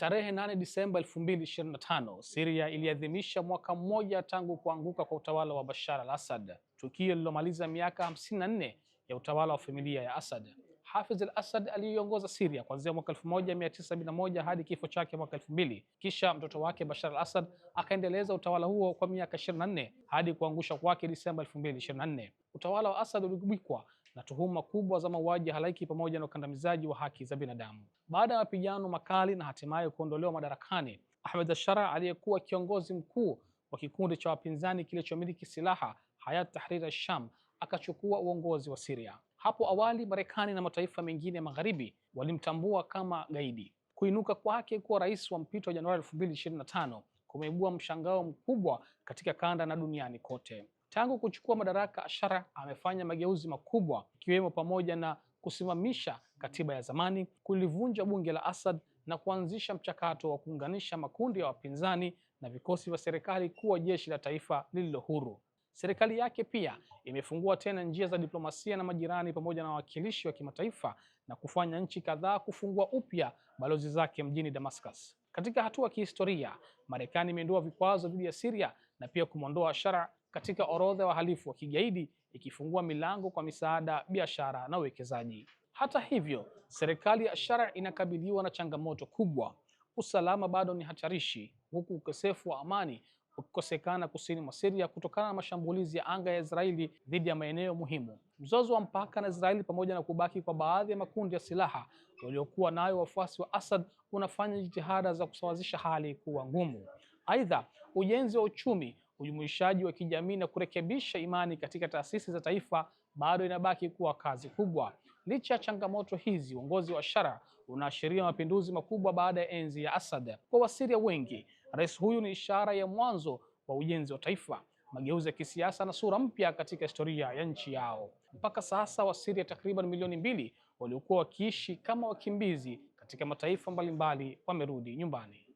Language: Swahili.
Tarehe 8 Disemba 2025, Syria iliadhimisha mwaka mmoja tangu kuanguka kwa utawala wa Bashar al-Assad, tukio lililomaliza miaka 54 ya utawala wa familia ya Assad. hafiz al-Assad aliyeongoza Syria kuanzia mwaka 1971 hadi kifo chake mwaka 2000. Kisha mtoto wake Bashar al-Assad akaendeleza utawala huo kwa miaka 24 hadi kuangusha kwake Disemba 2024. Utawala wa Assad uligubikwa na tuhuma kubwa za mauaji halaiki pamoja na ukandamizaji wa haki za binadamu. Baada ya mapigano makali na hatimaye kuondolewa madarakani, Ahmed Ashara aliyekuwa kiongozi mkuu wa kikundi cha wapinzani kilichomiliki silaha Hayat Tahrir al-Sham akachukua uongozi wa Syria. Hapo awali, Marekani na mataifa mengine ya magharibi walimtambua kama gaidi. Kuinuka kwake kuwa rais wa mpito wa Januari 2025 kumeibua mshangao mkubwa katika kanda na duniani kote. Tangu kuchukua madaraka, Ashara amefanya mageuzi makubwa, ikiwemo pamoja na kusimamisha katiba ya zamani, kulivunja bunge la Assad na kuanzisha mchakato wa kuunganisha makundi ya wapinzani na vikosi vya serikali kuwa jeshi la taifa lililo huru. Serikali yake pia imefungua tena njia za diplomasia na majirani pamoja na wawakilishi wa kimataifa na kufanya nchi kadhaa kufungua upya balozi zake mjini Damascus. Katika hatua ya kihistoria, Marekani imeondoa vikwazo dhidi ya Syria na pia kumwondoa Ashara katika orodha ya wahalifu wa kigaidi, ikifungua milango kwa misaada, biashara na uwekezaji. Hata hivyo, serikali ya Sharaa inakabiliwa na changamoto kubwa. Usalama bado ni hatarishi, huku ukosefu wa amani ukikosekana kusini mwa Syria kutokana na mashambulizi ya anga ya Israeli dhidi ya maeneo muhimu. Mzozo wa mpaka na Israeli pamoja na kubaki kwa baadhi ya makundi ya silaha waliokuwa nayo wafuasi wa Assad unafanya jitihada za kusawazisha hali kuwa ngumu. Aidha, ujenzi wa uchumi Ujumuishaji wa kijamii na kurekebisha imani katika taasisi za taifa bado inabaki kuwa kazi kubwa. Licha ya changamoto hizi, uongozi wa Shara unaashiria mapinduzi makubwa baada ya enzi ya Asad. Kwa Wasiria wengi, rais huyu ni ishara ya mwanzo wa ujenzi wa taifa, mageuzi ya kisiasa na sura mpya katika historia ya nchi yao. Mpaka sasa Wasiria takriban milioni mbili waliokuwa wakiishi kama wakimbizi katika mataifa mbalimbali wamerudi nyumbani.